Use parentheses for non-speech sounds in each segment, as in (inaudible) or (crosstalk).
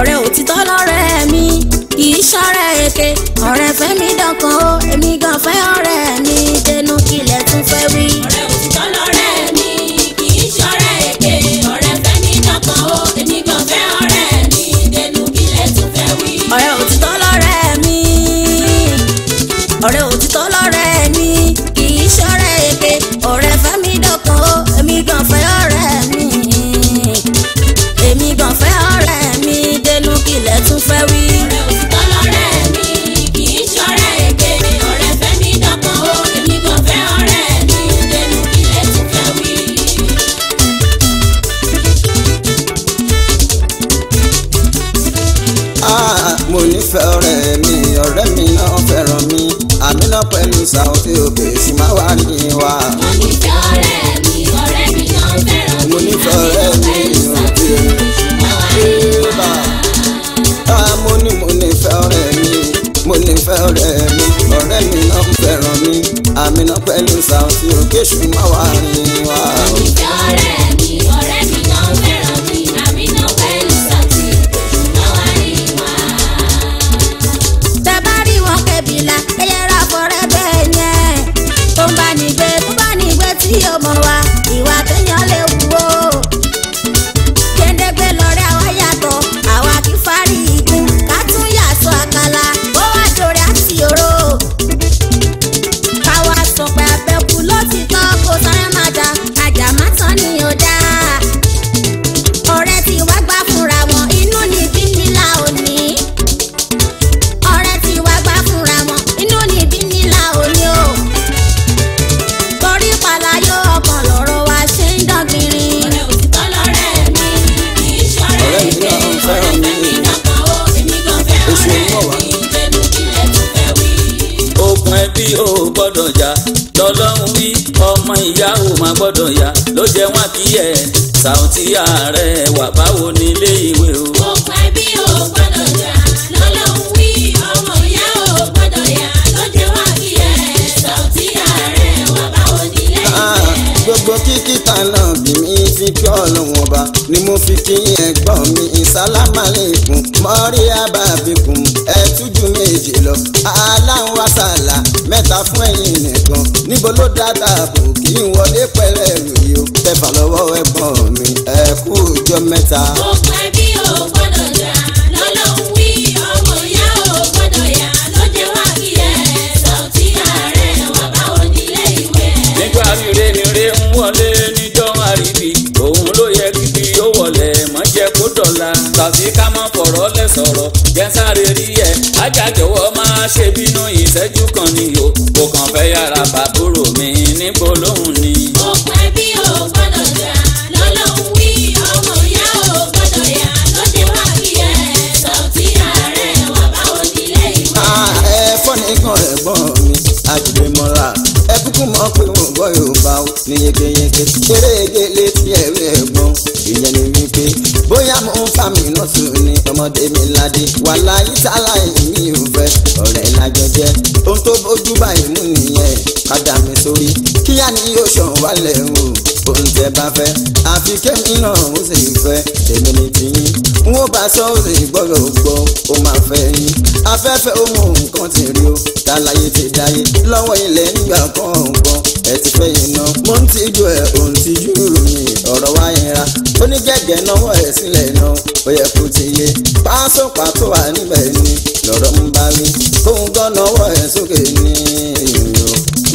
ọ̀rẹ́ òtítọ́ lọ́rẹ́ mi kì í ṣọ̀rẹ́ èké ọ̀rẹ́ fẹ́ mi dọ̀kan o èmi gan fẹ́ ọ̀rẹ́ mi dénú kílẹ̀ tún fẹ́ wí. òòsà òde òkè sì má wà ní wa. onífẹ́ ọ̀rẹ́ mi ọ̀rẹ́ mi náà fẹ́ràn mi onífẹ́ ọ̀rẹ́ mi òde ìbá. mo ní mo nífẹ́ ọ̀rẹ́ mi mo nífẹ́ ọ̀rẹ́ mi ọ̀rẹ́ mi náà fẹ́ràn mi àmì náà pẹ̀lú sàùtì òkè sì má wà ní wa. onífẹ́ ọ̀rẹ́ mi. yorùbá ẹkúkú mọ̀ pé wọ́n gbọ́ yorùbá o ní yegeyege kéré egele tí ẹ̀rí ẹ̀gbọ́n ìyẹn ni wípé bóyá mo ń fa mi lọ́sùn ni ọmọdé mi ládé wà láyé sáláì mi ò fẹ́ ọ̀rẹ́ lájọ jẹ́ ohun tó bójú báyìí mú nìyẹn padà mi sórí kíá ni yóò ṣàn wálẹ̀ o ohun tẹ́ bá fẹ́ àfi kémi náà ó sì fẹ́ èmi ni tiyín n ó bá sọ ó sì gbọ́dọ̀ gbọ́ ó máa fẹ́ yín afẹ́fẹ́ ó nǹkan ti rí o tàlàyé ti dáyé lọ́wọ́ ilẹ̀ nígbà kan ọ̀gbọ́n ẹ ti fẹ́ yìí ná mo ń tijú ẹ̀ òun tijú mi ọ̀rọ̀ wá yẹn ra ó ní gẹ́gẹ́ náwó ẹ̀ sílẹ̀ ná ó yẹ kó ti yé pàṣọ pàtó wà níbẹ̀ ni lọ́rọ̀ ń bá wí kóun gan náwó ẹ̀ sókè ní ìrò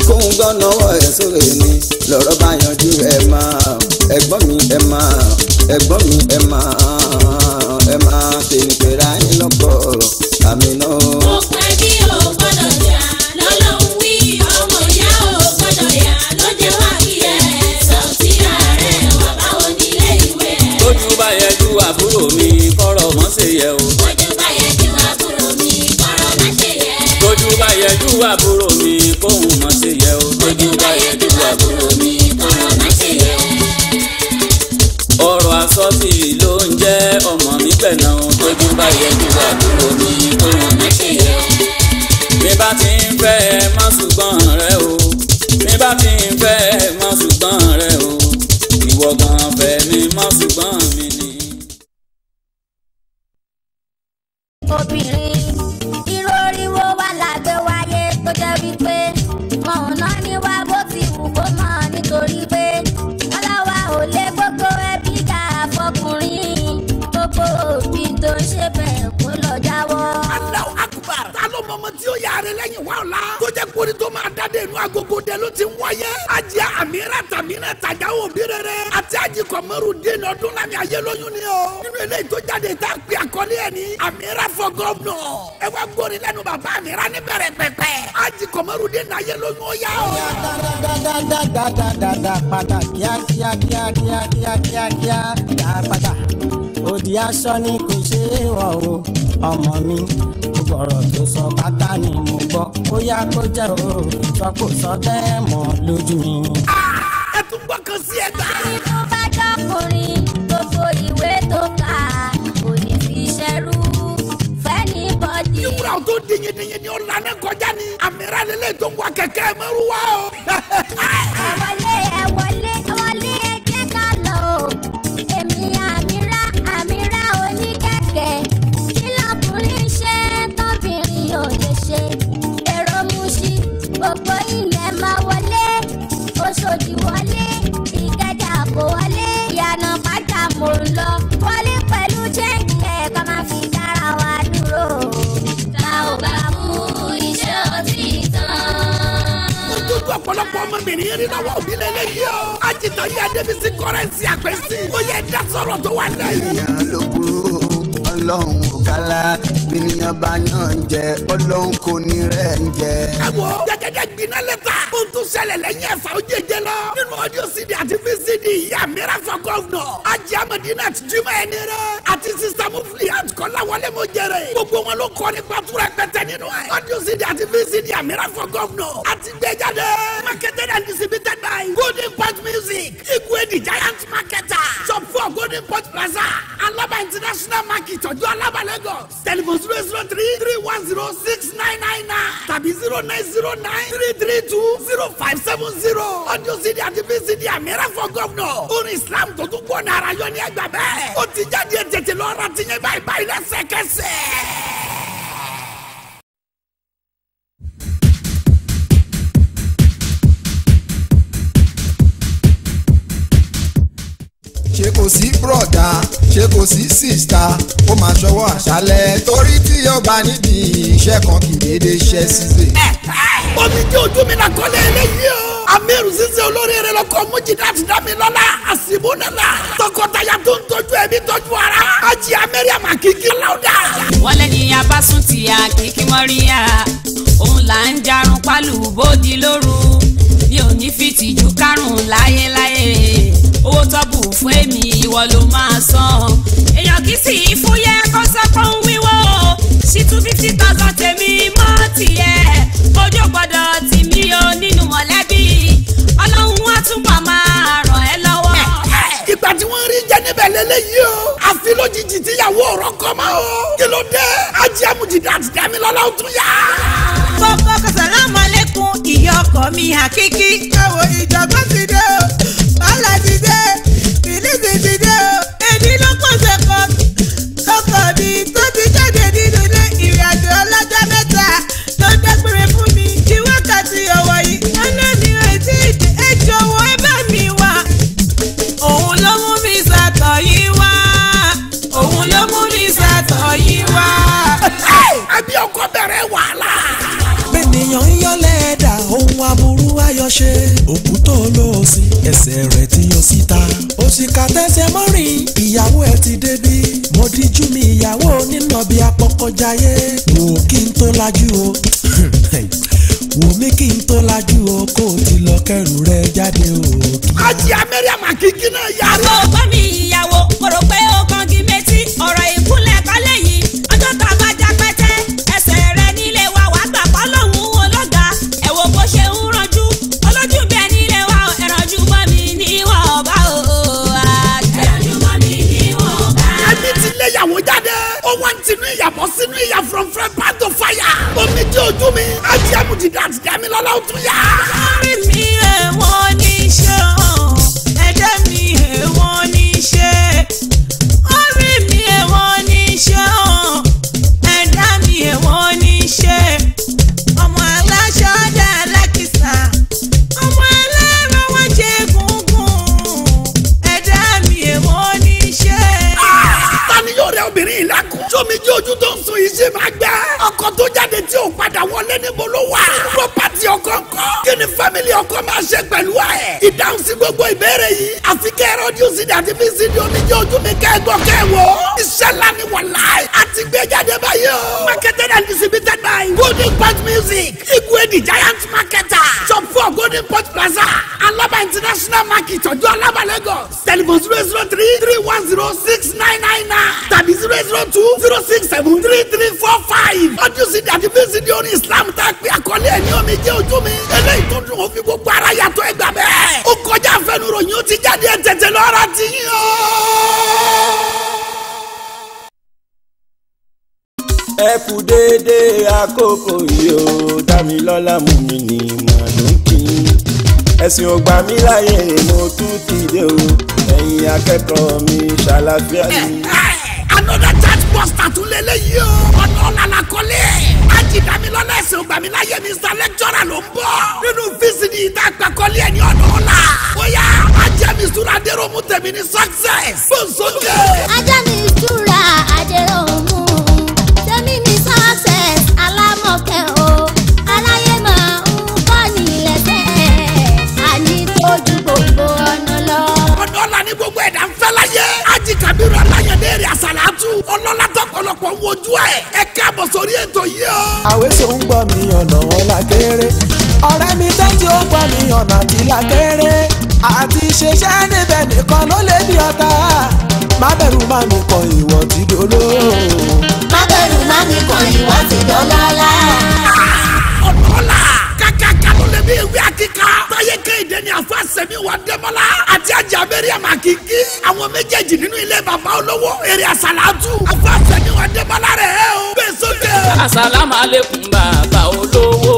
kóun gan náwó ẹ̀ sókè ní lọ́rọ̀ bá yanjú ẹ̀ máa ẹ̀gbọ́n mi ẹ̀ máa ẹ̀gbọ́n mi ẹ̀ máa ẹ̀ máa tẹ̀lé pẹ̀lú ayé lọ́pọ̀ àmì náà. àbúrò mi kóhun mọ̀ sí yẹ o. ojú bá yẹ dúró àbúrò mi kóhun mọ̀ sí yẹ o. ọ̀rọ̀ àsọ́bì ló ń jẹ́ ọmọ mi pẹ̀lú o. ojú bá yẹ àbúrò mi kóhun mọ̀ sí yẹ o. mi bá ti ń fẹ́ ẹ ṣùgbọ́n rẹ o. mi bá ti ń fẹ́ ẹ ṣùgbọ́n rẹ o. ìwọ gan fẹ́ pé wọn ò náà ní wá bó ti wù kó mọ̀ nítorí pé ọlọ́wà ò lé gbogbo ẹbí ká fọkùnrin gbogbo òbí tó ń ṣe bẹ́ẹ̀ kó lọ jáwọ́. Allahu Akbar ta ló mọ ọmọ tí ó yára lẹ́yìn wá orí tó máa dá dé inú agogo dẹ ló ti wáyé. ajá àmìrà tàmínà tàjà òbí rere. àti àjì kọ̀mọ́rù dé ọdún lámì ayé lóyún ni o. nínú eléyìí tó jáde tá a pè àkọlé ẹ̀ ní. àmìrà fọ gọ́ọ̀nà. ẹ wá gbórí lẹ́nu bàbá àmìrà ní bẹ̀rẹ̀ pẹ̀pẹ̀. àjì kọ̀mọ́rù dé ayé lóyún ó yá o. dáadáa dáadáa padà kíákíá kíákíá kíákíá kíá padà òdì aṣọ ni kò ṣe é wọ̀ o ọmọ mi gbọ̀rọ̀ tó sọ pátá ni mo gbọ́ bóyá kó jẹ́ o sọ kò sọ bẹ́ẹ̀ mọ́ lójú mi. Ah! ẹ tún gbọ́kàn sí ẹ gbà. bá dọ́kùnrin gbogbo ìwé tó kà kò ní fi ṣerú fẹ́ni bọ́dì. ìwúrà tó dìnyìndìnyìn ni ó kọjá ni àmì ìrànlélẹ́ tó ń wa kẹ̀kẹ́ mẹ́rù wá o. gbogbo ilẹ̀ máa wọlé Ọ̀ṣọ́dì wọlé Ìkẹjà kò wọlé ìyànà pátá mò ń lọ wọlé pẹ̀lú jẹ́ǹkì ẹ̀ ká máa fi dára wa dúró. ta ò bá mú iṣẹ́ ọtí tán. ojútùú ọ̀pọ̀lọpọ̀ ọmọbìnrin rí lọ́wọ́ òbí lélẹ́yìí o. ajitọ̀ yí adébísí kọ́rẹ́ǹsì àpẹ́sì ó yẹ dá sọ̀rọ̀ tó wà lẹ́yìn. ìyá ló kú ọlọ́run kálá bíníyàn bá yàn jẹ ọlọ́run kò ní rẹ̀ ń jẹ. àwọ̀ jẹ́gẹ́dẹ́ gbiná lẹ́ta. ó tún ṣẹlẹ̀ lẹ́yìn ẹ̀fà ó lọ. nínú ọdún cd àti vcd ìyá mìíràn fọ gọ́vnà. ajé amadina ti jí mọ́ ẹni rẹ̀. àti sista mufili àtikọ́lá wọlé mo jẹrẹ. gbogbo wọn ló kọ́ ní pàtúrà pẹ̀tẹ nínú ẹ̀. ọdún cd àti vcd àmìíràn fọ gọ́vnà. àti gbẹjáde. marketed and distributed by golden Point music. igwe the giant marketer. shop for golden port plaza. alaba international market ọjọ́ alaba lagos zero zero three three one zero six nine nine nine tàbí zero nine zero nine three three two zero five seven zero audio cd àti vcd àmẹ́rẹ́ fọ gọ́vnọ̀ orin islam tó tún gbọ́ ní ara yọ ní ẹgbàá bẹ́ẹ̀ ó ti jáde tètè lọ́ọ́ ra báyìí báyìí lẹ́sẹ̀kẹsẹ̀. ṣé kò sí bùrọ̀dá ṣé kò sí sísítà ó máa ṣọwọ́ àṣálẹ̀ torí tí ọba nídìí iṣẹ́ kan kì í dédé ṣẹ́ síse. omi tí ojú mi nà kọ́lé eléyìí o. amíru sísè olórí rẹ lọkọ mújìdá ti dá mi lọ́la àsìmú nana tọkọtaya tó ń tọ́jú ẹbí tọ́jú ara ajì amẹ́ríàmà kìkì láwùdà. wọ́n lẹ́ni abásùntìyà kìkì mọ́ríyà òun là ń jarun pálù bódi lóru mi ò ní fìtìjú kárùn-ún láyéláyé owó tọ́bù fún èmi ìwọ ló máa san. èèyàn kì í sì í fúyẹ́ kó sọ pé ń wíwọ́ o sí two fifty thousand tèmi mọ́ tiẹ̀ ojú gbọ́dọ̀ tì mí o nínú mọ̀lẹ́bí ọlọ́run wá túbọ̀ máa ràn ẹ́ lọ́wọ́. ìgbà tí wọ́n rí jẹ́ níbẹ̀ lélẹ́yìí o àfi lójijì tíyàwó ọ̀rọ̀ kọ́ mọ́ o kí ló dé ajé amújìdá àti dẹ́milọ́lá ó tún yá. gbogbo kọsàn-án mọ́lẹ́kùn ìyá ọkọ mi àkíkí. káwọ ìjọba ti d ṣe òkú tó sí ẹsẹ̀ rẹ̀ ti yọ síta. òṣìkà tẹ́sẹ̀ mọ́rin ìyàwó ẹ̀ ti débí. mo díjú mi ìyàwó nínà bí apọkọjáyé. wò kí n tó lajú o (laughs) wò mí kí n tó lajú o kó o ti lọ kẹrù rẹ jáde o. ajá mẹ́rìàmà kìkì náà yára. àbọ̀ bá mi ìyàwó kọ̀rọ̀ pé. yà from fire back to fire. omi tí ojú mi ajé amúdìdí àti jamilọ́lá ó tún yà. orí mi ẹ̀ wọ́n ní ṣe ọ̀ ẹ̀jẹ̀ mi ẹ̀ wọ́n ní ṣe orí mi ẹ̀ wọ́n ní ṣe ọ̀ ẹ̀dá mi ẹ̀ wọ́n ní ṣe ọmọ aláṣọ dá alákìsà ọmọ ẹlẹ́rọ wọ́n jẹ́ gungun ẹ̀dá mi ẹ̀ wọ́n ní ṣe. ta yóò rẹ obìnrin ìlà kù. sómi jẹ́ ojú t ṣe máa gbà. ọkọ̀ tó jáde tí ò padà wọlé níbo ló wà. property ọkọ̀ kan kí ni family ọkọ máa ṣe pẹ̀lú ẹ̀. ìdáhùn sí gbogbo ìbéèrè yìí àfi kẹ́rọ ní òsì dàtí fi sí ní oníjẹ́ ojú mi kẹ́gbọ́ kẹ́wọ́. iṣẹ́ ńlá ni wọ́n láì. a ti gbé jáde báyìí o. marketed and distributed by golden pot music igwe the giant marketer shop for golden pot plaza alaba international market ọjọ́ alaba lagos telephone zero zero three three one zero six nine nine nine tàbí zero zero two zero six seven three three four five ọdún sí dàtí fi sí ní orí islam tá a pè àkọlé ẹ̀ ní omi jẹ́ ojú mi eléyìí ìtọ́jú òfin gbogbo ara yàtọ̀ ẹgbà bẹ́ẹ̀. ó kọjá àfẹnuròyìn ó ti jáde ẹ̀ tètè lọ́ra ti yín o. ẹ kú déédé àkókò yìí o Dámilọ́lá mú mi ní màlúkì ẹ̀sìn ò gbà mí láyè mo tún ti dé o ẹ̀yin akẹ́kọ̀ọ́ mi ṣàlàfíà another church pastor tún lélẹ́yìí o ọ̀nà ọ̀làlà kọ́lé ti dá mi lọ́lá ẹ̀sìn ògbà mi láyé mi sọ lẹ́kítọ́rà ló ń bọ̀. nínú fíìsì ni ìta àgbàkọ́lé ẹni ọ̀nà ọ̀la. bóyá ajá mi ìṣúra adéròmù tẹ̀mí ní success. fún sókè. ajá mi ìṣúra adéròmù tẹ̀mí ní success alámọ̀kẹ́ o aláyé máa ń bọ̀ nílẹ̀ tẹ̀. àní ojú gbogbo ọ̀nà lọ. ọ̀nà ọ̀la ni gbogbo ẹ̀dá ń fẹ́ láyé. ají kàbírù aláyọ̀dé rẹ̀ àṣàlá ọ̀pọ̀lọpọ̀ wojú ẹ̀ ẹ káàbọ̀ sórí ètò yìí o. àwẹ̀sọ̀ ń gbọ́ mi ọ̀nà ọ̀la kéré ọ̀rẹ́ mi tẹ́tí ó gbọ́ mi ọ̀nà àtìlá kéré àti ṣeṣẹ́ níbẹ̀ nìkan ló lè bí ọ̀tá má bẹ̀rù má mi kọ ìwọ ti dolóò. má bẹ̀rù má mi kọ ìwọ ti dolóò àfa sẹ́mi wà dẹ́mọ́lá àti àjà abẹ́rẹ́ àmàkìkí àwọn méjèèjì nínú ilé bàbá olówó eré àsàlátù àfa sẹ́mi wà dẹ́mọ́lá rẹ̀ ẹ́ o bẹ́ẹ̀ sókè. asàlámù alẹ́kùn olówó.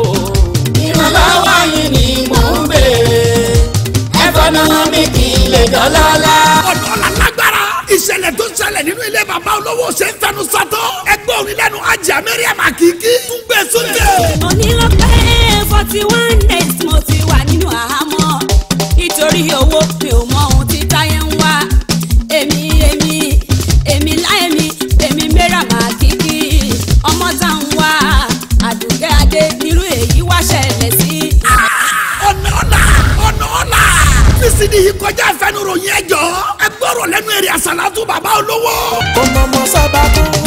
ìrànlọ́wọ́ yìí ni mò ń béèrè ẹ̀fọ́ náà mi kì í lè dọ́lọ́lá. ọ̀dọ́ la lágbára ìṣẹ̀lẹ̀ tó ṣẹlẹ̀ nínú ilé bàbá olówó ṣe ń fẹnu sọ́tọ́ ẹgbẹ́ òní lẹ́nu àjà mẹ́rìà màkìkí tún gbé sókè. mo ní lọ pé forty one days mo ti wà nínú àhá torí owó mi ò mọ ohun tí táyé ń wá èmi èmi èmi láèmi èmi mẹ́ra màá kíkì ọmọ tá ń wá àdùkẹ́ adé nírú èyí wá ṣẹlẹ̀ sí. ọ̀nà ọ̀nà ọ̀nà ọ̀nà fisi ni ìkọjá ìfẹnuròyìn ẹjọ́ ẹgbọ́rọ̀ lẹ́nu èrè àṣàlátú bàbá olówó. ọmọ ọmọ sábà kú.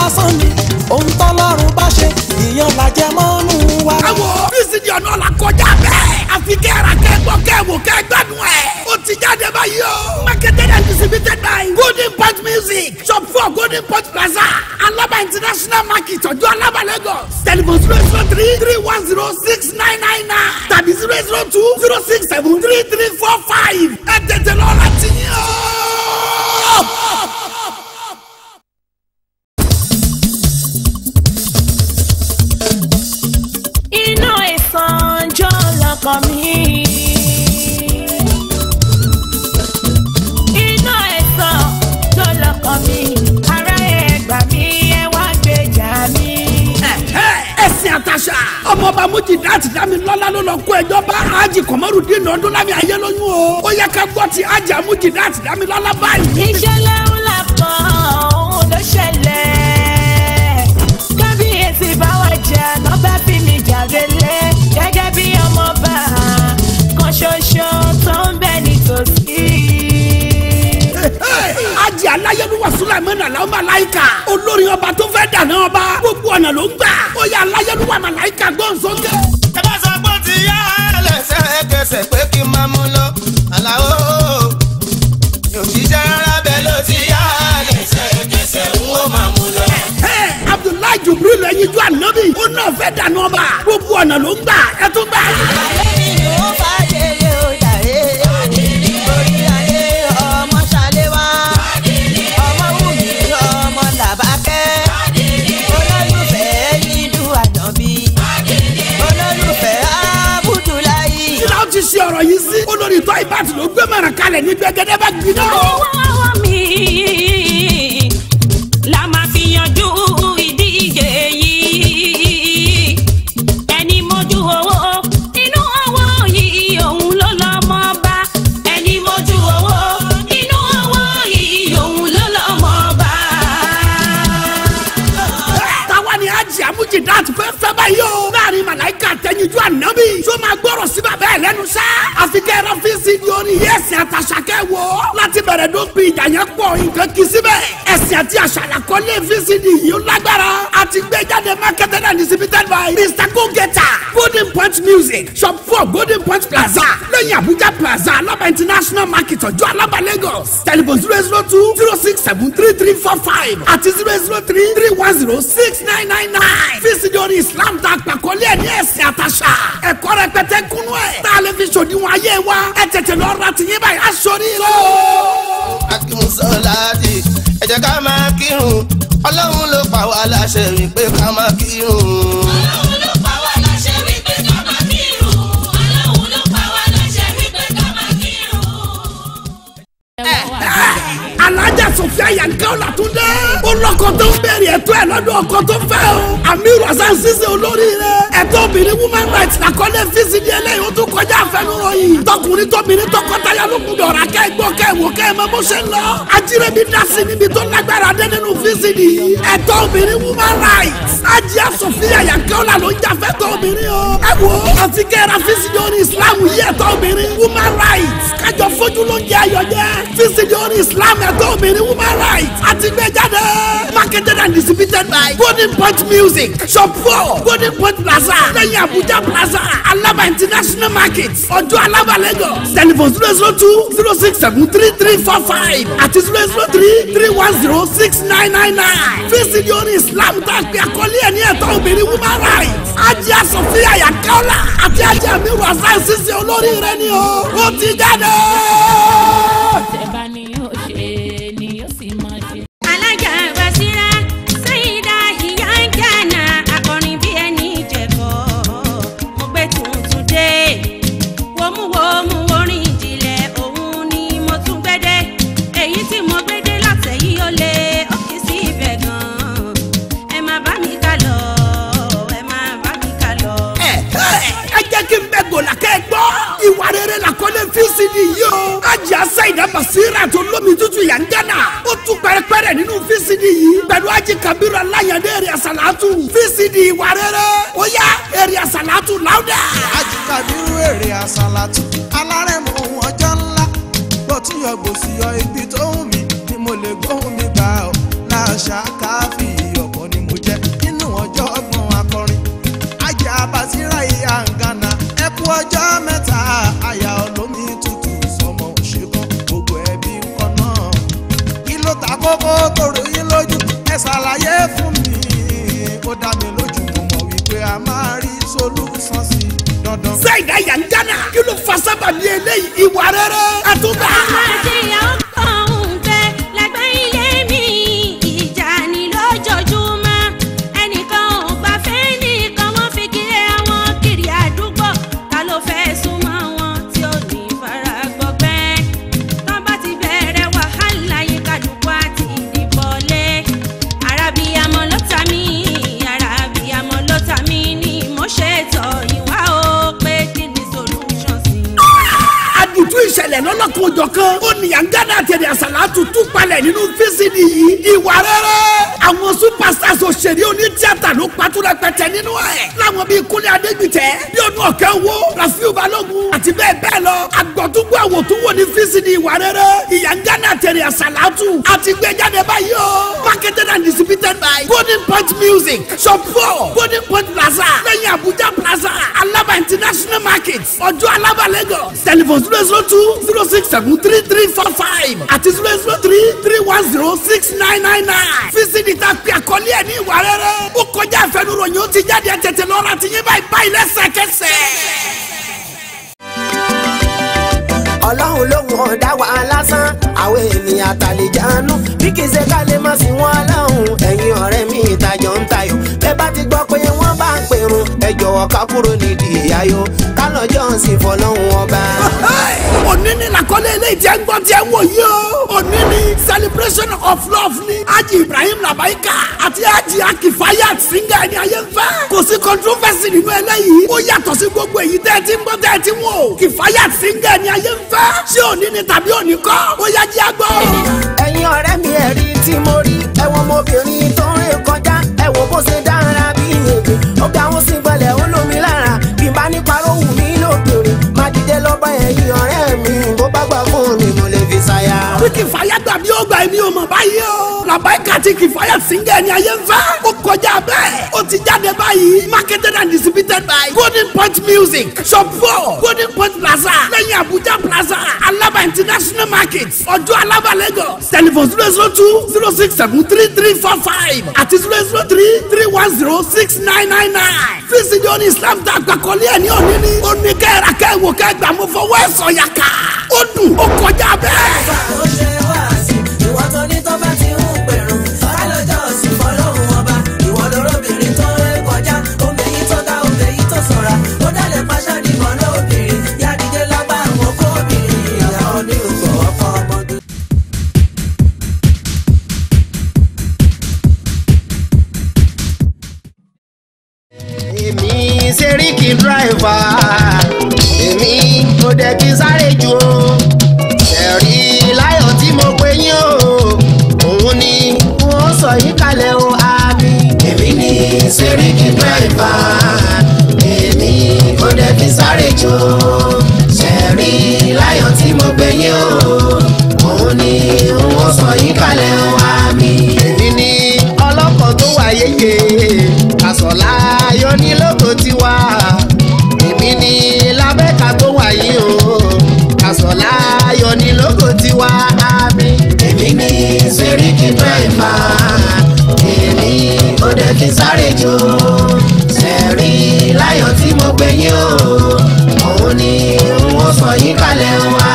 lásán ni ohun tọ́lọ́run bá ṣe ìyàn làjẹ mọ́nú wa. ẹ wo bísídì ọ̀nà ọ̀la kọjá bẹ́ẹ̀ àfi kẹ́ra kẹ́gbọ́ kẹ́wò kẹ́gbẹ́nu ẹ̀ ó ti jáde báyìí o. marketed and distributed by golden pot music shop four golden pot plaza alaba international market ọjọ́ alaba lagos telephone zero zero three three one zero six nine nine nine tàbí zero zero two zero six seven three three four five ẹ tètè lọ́ọ́ láti yín o. ọkàn mi. iná ẹ̀sán ló lọ́kàn mi ará ẹ̀gbà mi ẹ wá gbèjà mi. ẹ̀sìn àtàṣà ọmọọba mújìdá àti dámilọ́lá ló lọ kó ẹjọ́ bá aájì kọ̀mọ́rùdín ọdúnlámi ayélóyún o ó yẹ ká gbọ́ ti aájì amújìdá àti dámilọ́lá báyìí. ìṣẹ̀lẹ̀ ńlá kan òun ló ṣẹlẹ̀ kábíyèsí bá wa jẹ́ ọ̀nà bá fi mi jà délé. ajì aláyélúwà sulaimani aláwọ̀ màláìka olórí ọba tó fẹ́ dànù ọba gbogbo ọ̀nà ló ń gbà ó yà aláyélúwà màláìka gbọ́n sókè. tẹ́lẹ̀ sọ pé ti yá ẹlẹ́sẹ̀ kẹsẹ̀ pé kí n máa mú lọ aláwọ̀ yóò ṣiṣẹ́ rárá bẹ́ẹ̀ ló ti yá ẹlẹ́sẹ̀ kẹsẹ̀ ń wò máa mú lọ abdullahi jubril ẹyin ju anabi ó náà fẹ́ dànù ọba gbogbo ọ̀nà ló ń gbà ẹ tún gbà. àlẹ́ mi ò bá sọ̀rọ̀ yìí sí olórí tọ́ ìbàdàn ló gbé mọ̀ràn kalẹ̀ ní gbẹgẹdẹ bá gbiná. ọwọ́ mi la máa fi yanjú ìdíje yìí ẹni mójú owó inú owó yìí òun ló lọ mọ́ bá ẹni mójú owó inú owó yìí òun ló lọ mọ́ bá. táwa ni ajé amújìdá àti fẹ́ sábà yóò láàrin màláìka àtẹnudú ànábì tó máa gbọ́rọ̀ sí bàbá ẹ̀ lẹ́nu sá. àfikẹ́ rọ́fíìsì ni orin yé ẹ̀sìn àtàṣàkẹ́ wo láti bẹ̀rẹ̀ ló fi ìjà yẹn pọ̀ nǹkan kì í síbẹ̀. ẹ̀sìn àti àṣàlàkọ́ lé vcd yìí lágbára a ti gbé jáde market and distributed by mr kogeta golden point music shop four golden point plaza lẹ́yìn abuja plaza alaba international market ọjọ́ alaba lagos telephone zero zero two zero six seven three three four five àti zero zero three three one zero six nine nine nine vcd orin islam ta àpàkọ́lé díẹ̀ ní ẹ̀sìn àtàṣà ẹ̀kọ́ rẹpẹtẹ kúnú ẹ̀ tá a lè fi ṣòdiwọ̀n ayé wa ẹ̀ tètè lọ ra tìyín báyìí aṣọ́rí rẹ̀ o. akíhun sọlá di ẹ jẹ́ ká máa kírun ọlọ́run ló pa wá láṣẹ wípé ká máa kírun. ọlọ́run ló pa wá láṣẹ wípé ká máa kírun. ọlọ́run ló pa wá láṣẹ wípé ká máa kírun alájà sofia yanka ọlátúndé olọkọ tó ń bẹ̀rẹ̀ ẹ̀tọ́ ẹ̀ lọ́dún ọkọ tó fẹ́ o àmì rọ̀ṣán ṣíṣe olórí rẹ ẹ̀tọ́ obìnrin woman rights làkọ́lé fisi ní eléyìí O tún kọjá àfẹnuròyìn tọkùnrin tóbìnrin tọkọtaya ló kún dọ̀ra kẹ́ gbọ́ kẹ́ wò kẹ́ mọ bó ṣe ń lọ ajírẹ́bí si níbi tó lágbára dé nínú fisi nìyí ẹ̀tọ́ obìnrin woman rights ajá sofia yanka ọlá ló ń jafẹ́ tọ́ obìnrin o ẹ wo àti kẹ́ra islam yí ẹ̀tọ́ woman rights kájọ fojú ló ń jẹ ayọ̀ islam ẹ̀tọ́ obìnrin woman rights àti gbé jáde. marketed and distributed by golden point music shop four golden point plaza lẹ́yìn abuja plaza alaba international market ọjọ́ alaba lagos telephone zero zero two zero six seven three three four five àti zero zero three three one zero six nine nine nine fèsì ní orin islam tá a pè àkọlé ẹ̀ ní ẹ̀tọ́ obìnrin woman rights ajé asòfin àyàkáwọ́lá àti ajé àmì wàsáì sísè olórí rẹ ni o ó ti jáde. fcd yìí o ajá sayida basira tó lómi tútù yà ń gánà ó tún pẹrẹpẹrẹ nínú fcd yìí pẹ̀lú ajé kabiru alayande èrè àsàlátù fcd wà rere ó yá èrè àsàlátù láwùdà. ajé kabiru èrè àsàlátù alárẹ̀mú ọjọ́ ńlá gbọ́túyọ̀ gbòsíyọ ibi tó ń mi ni mo lè gbóhùn mi gbà ọ́ láṣà káfí ọ̀pọ̀ ni mo jẹ́ nínú ọjọ́ ọgbọ̀n akọrin basira ìyá ń gánà ọjọ́ mẹ́ta. kòrò yín lójú ẹ ṣàlàyé fún mi ó dá mi lójú mo mọ̀ wípé a máa rí solúsàn sí dandan. sẹ́yìn dáyà ń dáná kí ló fa sábà ní eléyìí ìwà rere àtúntà. ọmọ àti ìyàwó. ọ̀jọ̀kan ó nìyàngádà tẹ̀lé àṣàlátù tún palẹ̀ nínú fíṣídìí yìí ìwà rere àwọn superstars òṣèré onítíátà ló patú rẹpẹtẹ nínú ẹ̀ láwọn bíi kúnlé adégbìtẹ́ bí ọdún ọ̀kẹ́ wo rafiu balógun àti bẹ́ẹ̀ bẹ́ẹ̀ lọ agbọ̀túngbò àwòtúnwò ní fisidi ìwà rere ìyá ń gánà tẹ̀rẹ̀ àsàlátù àti gbẹjáde báyìí o marketed and distributed by golden point music shop four golden point plaza lẹ́yìn abuja plaza alaba international market ọjọ́ alaba lagos telephone zero zero two zero six seven three three four five àti zero zero three three one zero six nine nine nine fisidi bíbélì ta pè àkọlé ẹ̀ ní ìwà rere ó kọjá àfẹnuròyìn ó ti jáde tètè lọ́ra ti yín báyìí báyìí lẹ́sẹ̀kẹsẹ̀. ọlọ́run ló wọ̀n dá wa lásán àwọn ènìyàn àtàlẹ́jánu bí kì ṣe ká lè má sí wọn ọlọ́run ẹ̀yin ọ̀rẹ́ mi ìtajọ ẹ ká kúrò nídìí ìyáyó kálọ̀ jọ́sìn fọlọ́hún ọba. òní ni nàkọ́lé eléyìí tí ẹ ń gbọ́ tí ẹ o òní ni celebration of love ni Aji Ibrahim Labaika àti Aji Akifayat singa ẹni ayé ń fẹ́. kò sí controversy nínú eléyìí ó yàtọ̀ sí gbogbo èyí tẹ́ ẹ ti ń bọ́ tẹ́ ẹ ti wò Kifayat singa ẹni ayé ń fẹ́. ṣé òní ni tàbí òní kọ́ ó yá jí agbọ́. ẹ̀yin ọ̀rẹ́ mi ẹ̀rí tí mo rí ẹ̀wọ̀n ọmọbìnrin tó ń rìn kọjá ẹ̀wọ̀n bó ṣe dára bí èdè ó gbà wọ́n sí gbọ́. ọpẹ́ lọ́ba ẹ̀yìn ọ̀rẹ́ mi bó bá gbà fún mi mo lè fi ṣaya. bí Kifaya gbàdí ó gbà èmi ò mọ̀ báyìí o. làbáyé kàti Kifaya síngẹ̀ ni ayé ń fẹ́. ó kọjá bẹ́ẹ̀ ti jáde báyìí marketed and distributed by golden point music shop four golden point plaza lẹ́yìn abuja plaza alaba international market ọjọ́ alaba lagos telephone zero zero two zero six seven three three four five àti zero zero three three one zero six nine nine nine free studio ní islam tá a gbà kọ́lé ẹ̀ ní òní ní ó ní kẹ́ẹ̀rẹ́ kẹ́ẹ̀wò kẹ́ẹ̀gbà mo fọwọ́ ẹ̀ sọ̀yà ká ó dùn ó kọjá bẹ́ẹ̀. ìwà tó ní tó bá Driver, èmi mo dẹ̀ ti sáré jù o ẹ̀rí láyọ̀ tí mo pe yín o òun ni wọ́n sọ yín kalẹ̀ o àmì. èmi ni sẹ́ríkì dírẹ́fà èmi mo dẹ̀ ti sáré jù o ṣẹ̀rí láyọ̀ tí mo pe yín o. kí n sáré jò sẹ́rí láyọ̀ tí mo gbé o òun ni n ó sọ yín kalẹ̀ wá.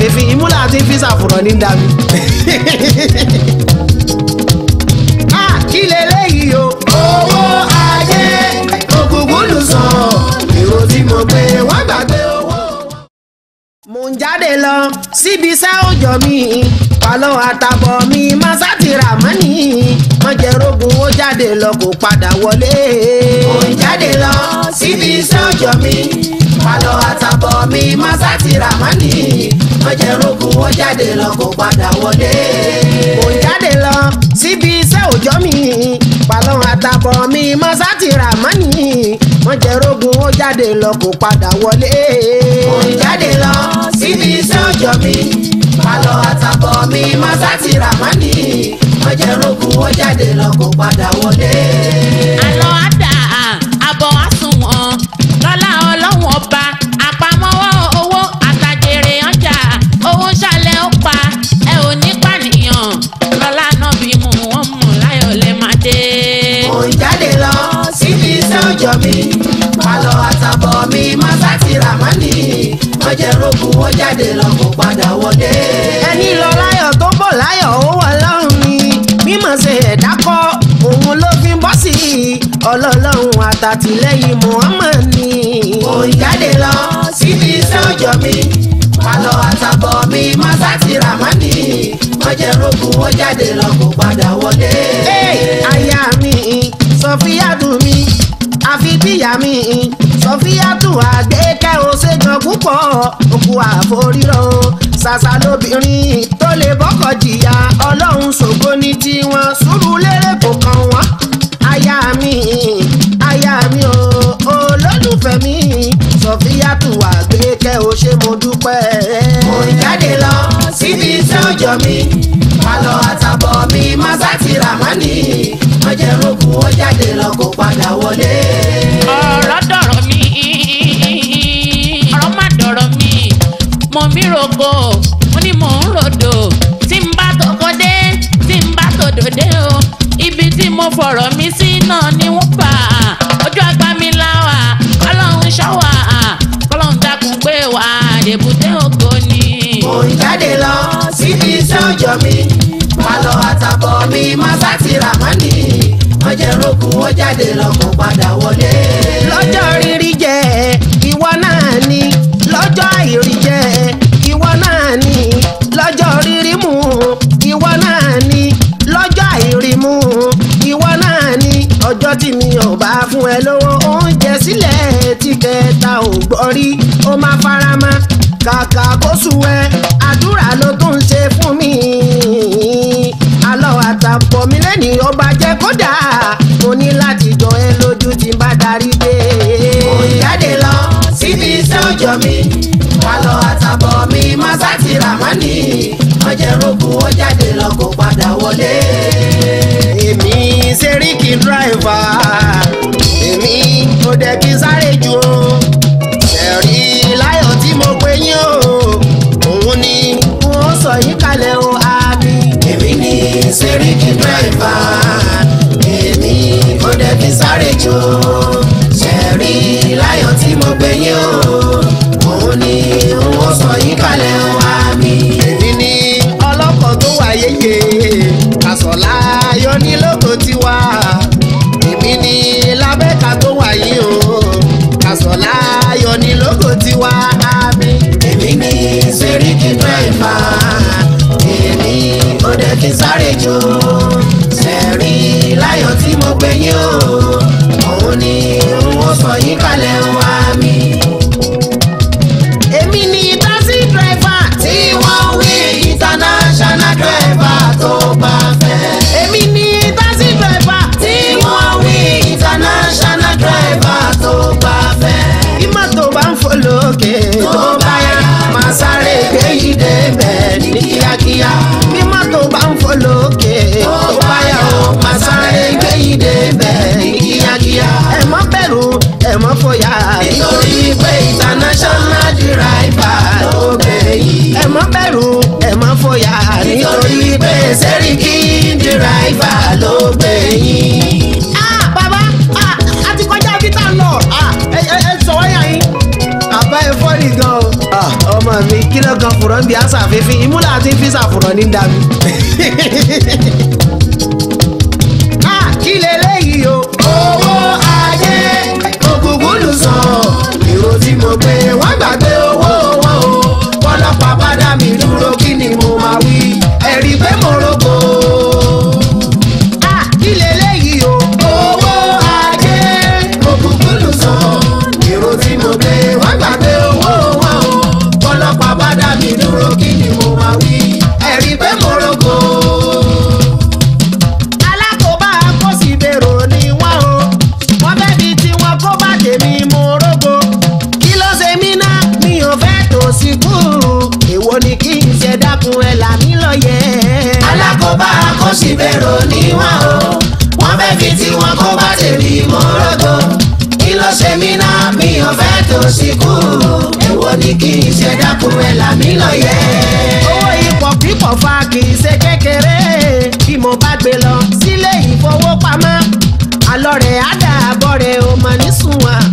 àfẹ́fín imú láti fi ṣàfùrọ̀ ní dàbí. ọkọ mi mọ́sátì ràmọ́nì wọ́n jẹ́ rógun ó jáde lọ kó padà wọlé. mo ń jáde lọ síbi iṣẹ́ òjọ́ mi pálọ̀ àtàbọ̀ mi mọ́sátì ràmọ́nì wọ́n jẹ́ rógun ó jáde lọ kó padà wọlé. àlọ́ àtàbọ̀. àtàtìlẹ́yìn Muhammad ni. ò ń jáde lọ síbi iṣẹ́ òjò mi palọ àtàbọ̀ mi masati ramani wọ́n jẹ́ rogun wọ́n jáde lọ kó padà wọlé. aya mi sọfíà dùn mí àfi bíyà mi sọfíàtù àgbékẹ́ òṣèjọ púpọ̀ òkú àforírọ̀ ṣàṣà lóbìnrin tó lè bọ́kọ̀ jìyà ọlọ́run ṣògo ní tiwọn sùúrù lérè kò kàn wọ́n aya mi aya mi o olólùfẹ́ mi sọfíyàtù àgbékẹ́ o ṣé mo dúpẹ́. mo jáde lọ síbi iṣẹ́ òjò mi pálọ̀ àtàbọ̀ mi mọ́sátì ramani wọ́n jẹ́ rògùn ó jáde lọ kó padà wọlé. ọ̀rọ̀ dọ̀rọ̀ mi ọ̀rọ̀ má dọ̀rọ̀ mi mo mi rògo mo ní mò ń ròdò tí n bá tọkọ dé tí n bá tòdò dé o ibi tí mo fọ̀rọ̀ mi sí náà ni wọ́n fà á ọjọ́ agbami la wà kọ́lọ́hún ṣọ́wà kọ́lọ́hún dákun gbé wà dèbùté ògo ni. mò ń jáde lọ síbi iṣẹ́ òjò mi wà lọ àtàbọ̀ mi má sátìrà mọ́nì wọ́n jẹ́ rókun wọ́n jáde lọ kó padà wọlé. ó máa fara mọ́ kàkà kó sùn ẹ àdúrà ló tún ṣe fún mi alọ́ àtàpọ̀ mi lẹ́nìí ọba jẹ́ kódà mo ní láti jọ ẹ lójú tí n bá darí dé. mo jáde lọ síbi iṣẹ́ òjò mi wà lọ àtàbọ̀ mi mọ́sáàtì ramani ọjẹ́rògbò ó jáde lọ kó padà wọlé. èmi ṣeríkì dráìvà èmi ò dẹ̀ kí sáré ju o. jù ṣe rí láyọ̀ tí mo gbé yín o òun ni òun ó sọ yín kalẹ̀ wá mi. èmi ni ọlọ́kàn tó wà yéye àsọ̀lá ayọ̀ ní lóko tiwa èmi ni lábẹ́ka tó wà yìí o àsọ̀lá ayọ̀ ní lóko tiwa mi. èmi ni sẹ́ríkì dráìfà èmi ò dẹ̀ kí sáré jù yìí láyọ̀ tí mo gbé yín o òun ni òun ó sọ yín kalẹ̀ wá mi. èmi ni taxi driver tí wọ́n wí international driver tó bá fẹ́. èmi ni taxi driver tí wọ́n wí international driver tó bá fẹ́. bí mọ́tò bá ń fò lókè tó bá yá máa sáré gbé yìí débẹ̀. ẹ mọ́ fòyà. nítorí pé international driver ló bẹ̀ yìí. ẹ mọ́ bẹ̀rù ẹ mọ́ fòyà. nítorí pé sẹ́ríkì driver ló bẹ̀ yìí. bàbá a ti kọjá títà lọ ẹ sọ wáyà yín. bàbá ẹ fọ́ nìkan o ọmọ mi kí ló kan fùrọ̀ ń bí àṣà fífi ìmúlẹ̀ àti fíṣà fùrọ̀ ní dàbí. (laughs) Siku èwo ni kí n ṣe dákun ẹ̀ làmí lọ́yẹ̀. owó ipò pípọ̀ fa kì í ṣe kékeré bí mo bá gbé lọ sílé ìfowópamọ́ àlọ́ rẹ̀ á dà àbọ̀ rẹ̀ ò mọ̀ nísùnwọ̀n.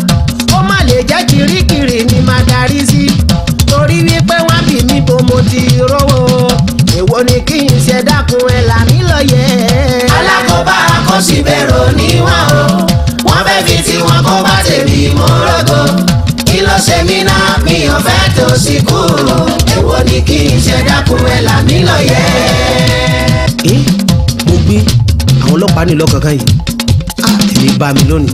ti kú èwo ni kí n ṣe dákun ẹ̀ là mí lóye. ẹ mo gbé àwọn ọlọ́pàá nílò kankan yìí àtẹ̀lé ah, bá mi lónìí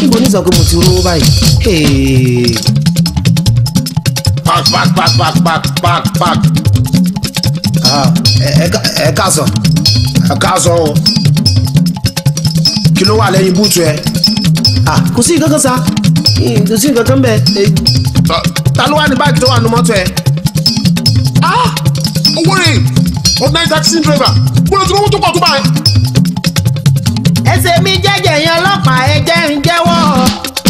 níbo ní sọ pé mo ti rówó báyìí. pak pak pak pak pak pak pak. Ah, ẹ káàsán ẹ káàsán o kí ló wà lẹ́yìn búùtù ẹ. Ah, kò sí nǹkan kan sa kò sí nǹkan kan bẹ́ẹ̀ ta ló wà ní báàgì tó wà nù mọ́tò ẹ̀ ah owó rè ordinary taxi driver gbọ́dọ̀ tí wọ́n tó pọ̀ tó bá ẹ. ẹsẹ̀ mi jẹ́jẹ̀ yẹn ọlọ́pàá ẹ jẹ́ ń jẹ́wọ́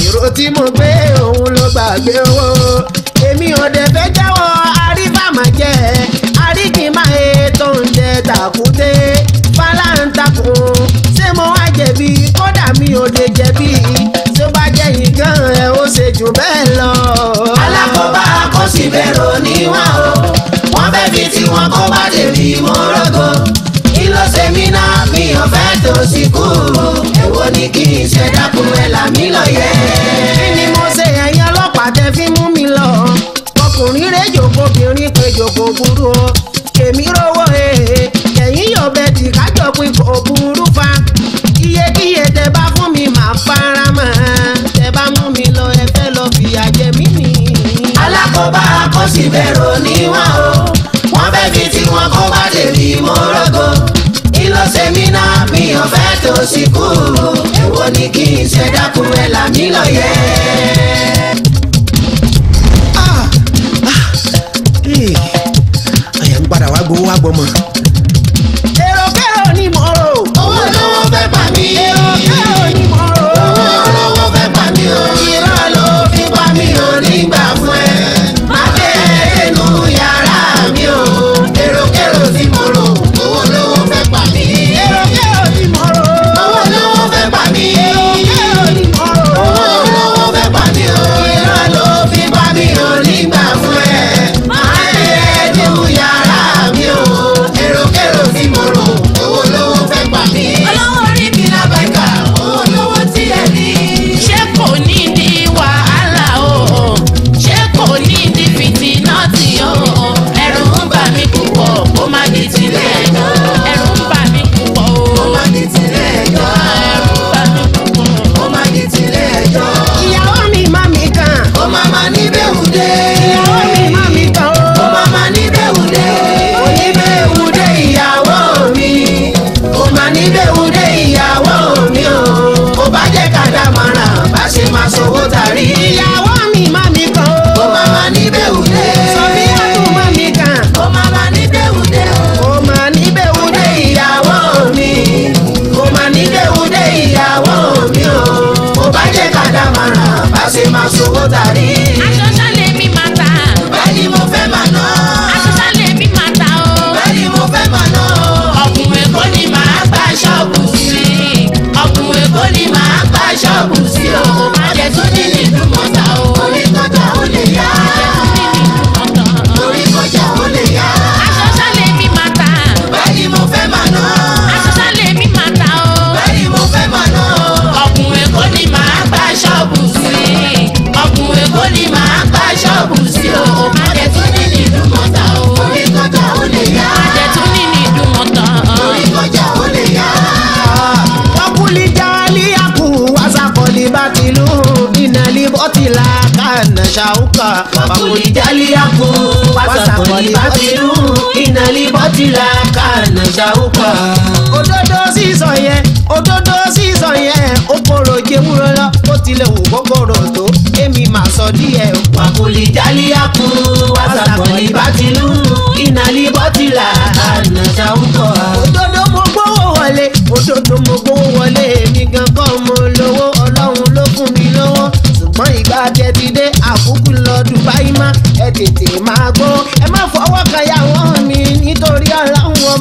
èrò tí mo gbé òun ló gbàgbé owó èmi ò dẹ̀ fẹ́ jẹ́wọ́ àríbàmà jẹ́ àríkìmá ètò oúnjẹ tàkúté fàlàǹtakùn ṣé mo wá jẹ̀bi kódà mi ò lè jẹ̀bi tó bá jẹ́ yìí gan ẹ̀ ó ṣe jù bẹ́ẹ̀ lọ síbẹ̀ rò níwá o wọ́n fẹ́ fi tí wọn kó bá tèmi mo rògo kí ló ṣe mí náà mi ò fẹ́ tó sí kú èwo ni kí n ṣe dákun ẹ̀ là mí lọ yẹ. kí ni mo ṣe ẹ̀yin ọlọ́pàá tẹ fi mú mi lọ ọkùnrin rẹ̀ jòkó obìnrin pé jòkó burú o èmi rò ìbẹ̀rù níwọ̀n o wọ́n fẹ́ fi tí wọn kó bá tèmi mo rọ́gọ kí ló ṣe mí náà mi ò fẹ́ tó sí kú èwo ni kí n ṣe ẹ̀ làmí lọ́yẹ̀. àyà ń padà wá gbowó wá gbọmọ.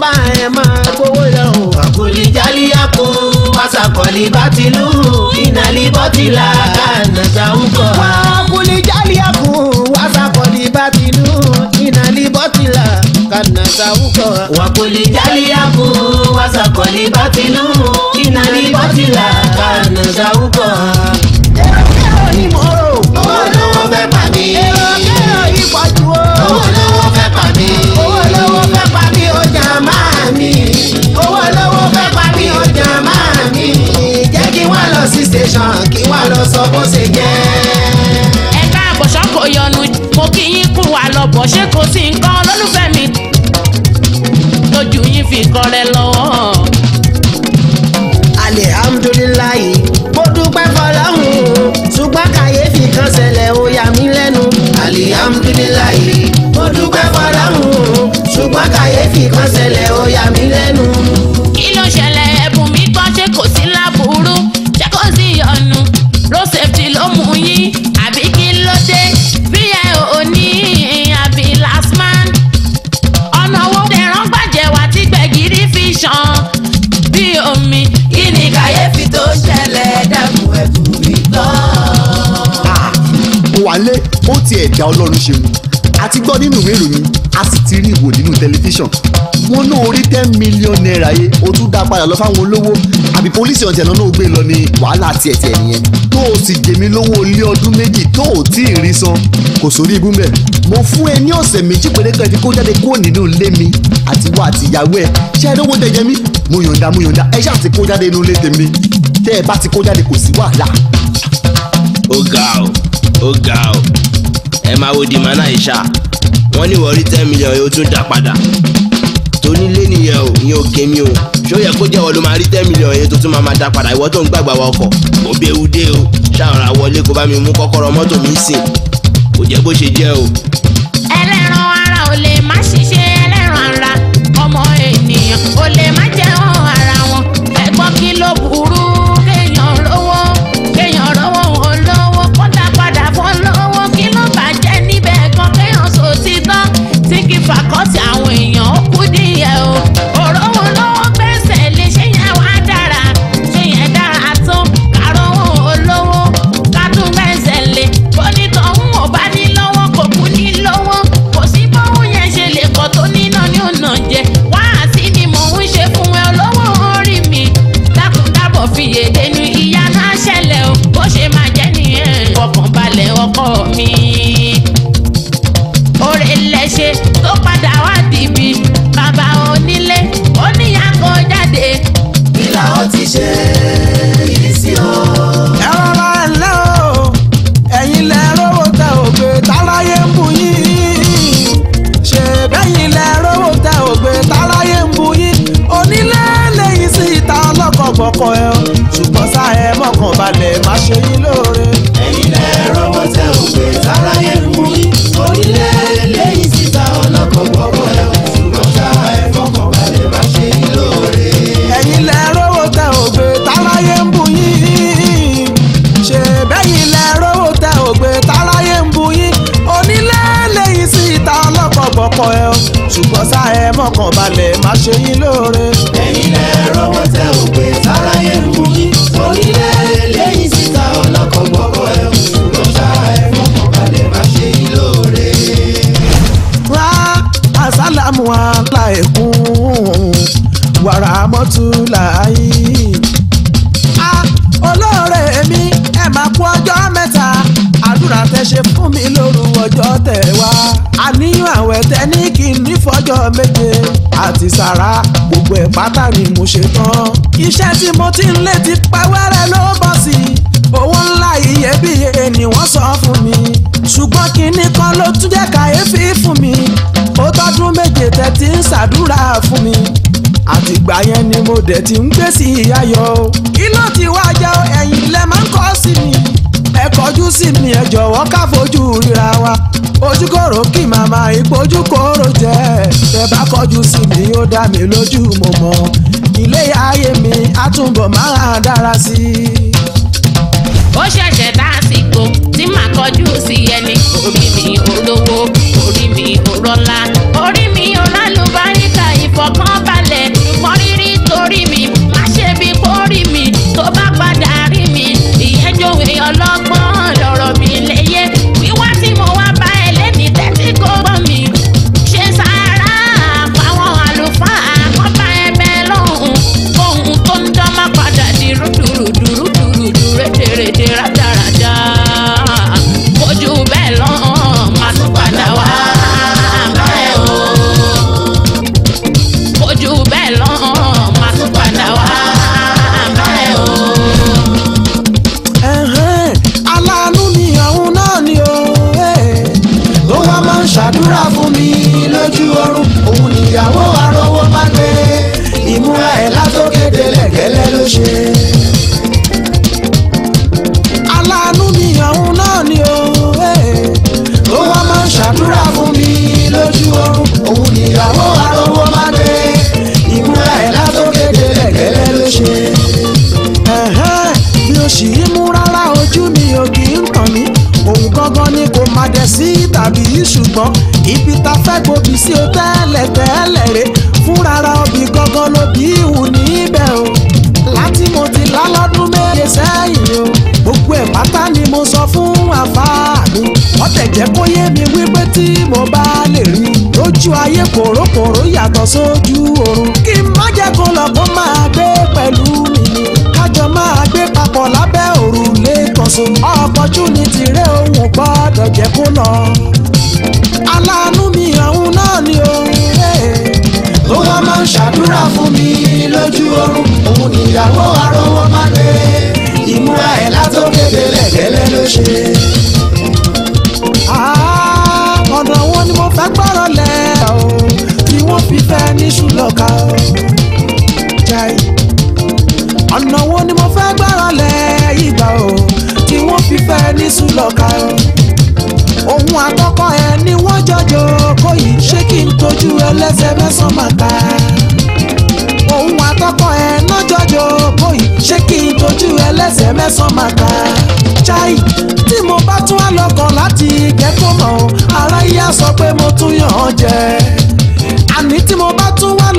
bá ẹ máa gbowó lọ o. àkùlì jálí àpò pásàkọ̀lì bá ti lù ú ìnàlí bọ́tìlà kànàtà ń kọ̀. wá àkùlì jálí àpò pásàkọ̀lì bá ti lù ú ìnàlí bọ́tìlà kànàtà ń kọ̀. wàkùlì jálí àpò pásàkọ̀lì bá ti lù ú ìnàlí bọ́tìlà kànàtà ń kọ̀. lọ sọ bó ṣe jẹ́. ẹgbẹ́ àbọ̀ṣọ́ kò yọnu mo kí yín kú wa lọ́bọ̀ ṣé kò sí nǹkan olólùfẹ́ mi lójú yín fi kọrẹ lọ́wọ́. alihamudulilayi mo dúpẹ́ fọlọ́hún ṣùgbọ́n kàyéfì kan ṣẹlẹ̀ ó yà mí lẹ́nu. alihamudulilayi mo dúpẹ́ fọlọ́hún ṣùgbọ́n kàyéfì kan ṣẹlẹ̀ ó yà mí lẹ́nu. kí ló ṣẹlẹ̀ ó ti ẹ̀dá ọlọ́run ṣeun àti gbọ́ nínú ìwé ìròyìn a sì ti rí ìwò nínú tẹlifíṣàn wọn náà orí ten million naira yé o tún dá padà lọ fáwọn olówó àbí pólísì ọ̀tẹ̀ náà gbé lọ ní wàhálà tiẹ̀ tiẹ̀ nìyẹn tó o sì jèmi lówó ilé ọdún méjì tó o tí ì rí san kò sórí ibú mbẹ mo fún ẹ ní ọ̀sẹ̀ méjì péré kan ti kó jáde kúrò nínú ilé mi àti wá àti ìyàwó ẹ ṣé ẹ lówó jẹjẹ mi mo yọ̀ǹda mo yọ̀ǹda ẹ ṣáà ti kó jáde inú ilé tèmi tẹ́ ẹ bá ti kó jáde kò sí wàhálà. ó ga ọ ó ga ọ ẹ máa wo dìmọ̀ náà ìṣá wọ́n ní wọ́n ten million yóò tún dá padà tonílé nìyẹn o ìyẹn ò kémi o ṣó yẹ kó jẹ́wọ́ ló máa rí ten million yẹn tó tún máa máa dá padà ìwọ tó ń gbàgbà wa ọkọ̀ òbí ewu dé o ṣàrà wọlé kó bá mi mú kọ́kọ́rọ́ mọ́tò mi sìn kò jẹ́ bó ṣe jẹ́ o. ẹlẹ́ran ara ò lè má ṣiṣẹ́ ẹlẹ́ran ara ọmọ ènìyàn ò lè. ẹ mọ̀kàn balẹ̀ má ṣe yín lóore. ẹ̀yin lẹ rọwọ́ tẹ òpè sáráyé lù yín onílẹ̀ eléyìí síta ọlọ́kọ̀ gbọ́kọ̀ ẹ̀ ṣùgbọ́n ṣá ẹ mọ̀kàn balẹ̀ má ṣe yín lóore. wá àsálàmù aláìkún wàrà mọ́tò láàyè. ṣe fún mi lóru ọjọ́ tẹ̀ wá. àníyàn àwẹ̀ tẹ́ ní kí n nífọ̀jọ́ méje àti sàrà gbogbo ẹ̀ pátá ni mo ṣe tán. iṣẹ́ tí mo ti ń lé ti pa wẹ́rẹ́ ló bọ̀ sí i owó ńlá iyebíye ni wọ́n sọ fún mi ṣùgbọ́n kinní kan ló tún jẹ́ kàyéfì fún mi ó tọ́dún méje tẹ́ ti ń ṣàdúrà fún mi àtìgbà yẹn ni mo dẹ̀ ti ń gbé sí ìyá yọ. kí ló ti wá jẹ́ ẹ̀yìn lẹ́ máa ń kọ́ sí mi ẹ kọjú sí mi ẹ jọ̀wọ́ ká fojú ríra wa ojúkòrò kí màmá ìpojúkòrò jẹ́ ẹ bá kọjú sí mi ó dá mi lójú mo mọ̀ ilé ayé mi á túbọ̀ máa dára sí i. ó ṣẹ̀ṣẹ̀ dá àsìkò tí màá kọjú sí ẹni orí mi olówó orí mi òrọ́lá orí mi ọlálùbáríkà ìfọ̀kànbalẹ̀ mọ́rírí torí mi. ọlọ́gbọ́n. lójú ayé kòrókòró yàtọ̀ sójú oorun kí n má jẹ́ kó lọ kó máa gbé pẹ̀lú mi kájọ máa gbé papọ̀ lábẹ́ òrùlé kan so opportunity rẹ òun gbọ́dọ̀ jẹ́ kó lọ. aláàánú mi àwọn náà ni òun ó wá máa ń ṣàdúrà fún mi lójú oorun òun níyàwó àròwọ́ máa ń ìmúra ẹ̀ látòkè délẹ̀ gẹ́lẹ́ ló ṣe. níṣu lọ́ka o jai ọ̀nà wo ni mo fẹ́ gbára lẹ̀ ìgbà o tí wọ́n fi fẹ́ níṣu lọ́ka o òun àtọkọ ẹ ni wọ́n jọjọ kó yìí ṣé kí n tójú ẹlẹ́sẹ̀ mẹ́sàn-án màkà òun àtọkọ ẹ náà jọjọ kó yìí ṣé kí n tójú ẹlẹ́sẹ̀ mẹ́sàn-án màkà jai tí mo bá tún á lọ́kàn láti kẹ́kọ̀ọ́ mọ́ ara yíyá sọ pé mo tún yàn án jẹ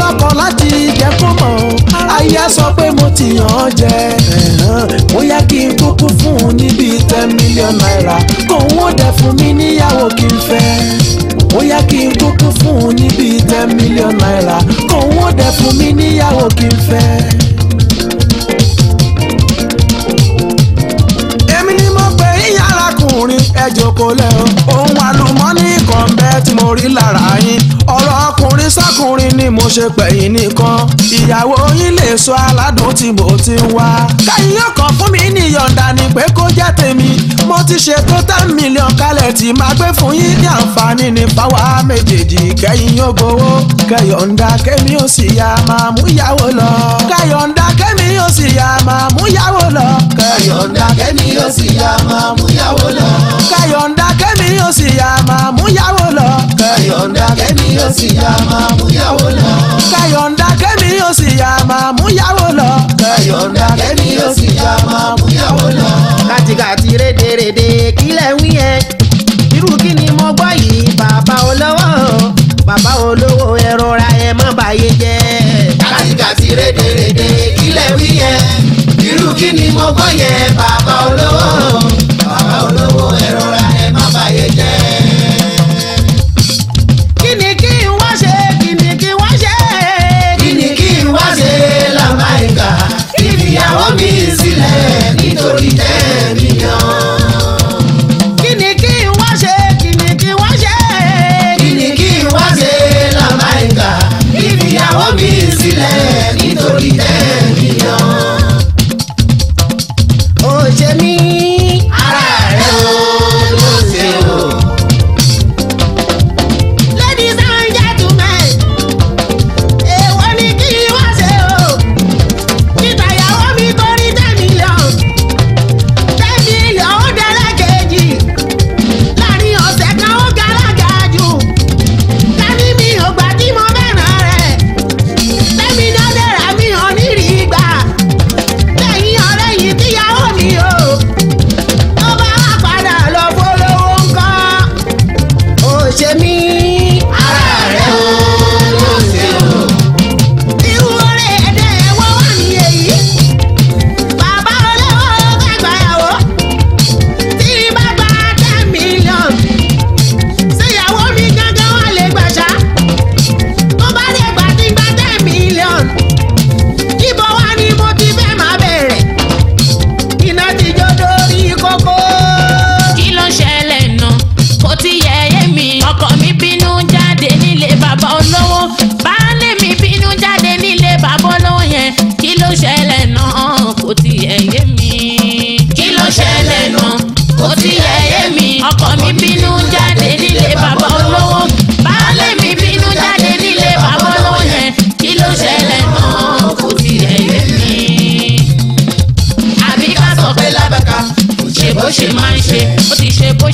lọ́kọ̀ láti jẹ́ kó mọ̀ aya sọ pé mo ti yàn án jẹ bóyá kí n kúkú fún un níbi ten million naira kóun ó dẹ̀ fún mi níyàwó kí n fẹ́ bóyá kí n kúkú fún un níbi ten million naira kóun ó dẹ̀ fún mi níyàwó kí n fẹ́. ẹ jókòó lẹ̀ o. ohun àlùmọ́ọ́nì kan bẹ́ẹ̀ tí mo rí lára yín ọ̀rọ̀ ọkùnrin sọ́kùnrin ni mo ṣe pẹ̀yìn nìkan ìyàwó yín lè sọ aládùn tí mo ti ń wá. káyìn ọkàn fún mi ní yọ̀ǹda ni pé kó jẹ́ tèmi mo ti ṣètò ten million kalẹ̀ tí máa gbé fún yín ní àǹfààní ní fáwa méjèèjì kẹ́yìn yóò gbowó kẹ́yọ̀ǹda kẹ́mi ò sì yá máa mú ìyàwó lọ kẹ́yọ̀ǹda kẹ́mi kẹ́ni ó sì yá máa múyàwó lọ. kàyọ̀ǹda kẹ́ni ó sì yá máa múyàwó lọ. kàyọ̀ǹda kẹ́ni ó sì yá máa múyàwó lọ. kàyọ̀ǹda kẹ́ni ó sì yá máa múyàwó lọ. kàyọ̀ǹda kẹ́ni ó sì yá máa múyàwó lọ. kàyọ̀ǹda kẹ́ni ó sì yá máa múyàwó lọ. kàtìkàtì rédèrèdè kílẹ̀ wí yẹn irú kí ni mo gbọ́ yìí bàbá olówó bàbá olówó ẹ̀rọra ẹ̀ má bàyé jẹ́. kàtìkàtì rédèrèdè kílẹ̀ wí yẹn irú kí ni mo gbọ́ yẹn bàbá olówó bàbá olówó ẹ rọra ẹ má bàyè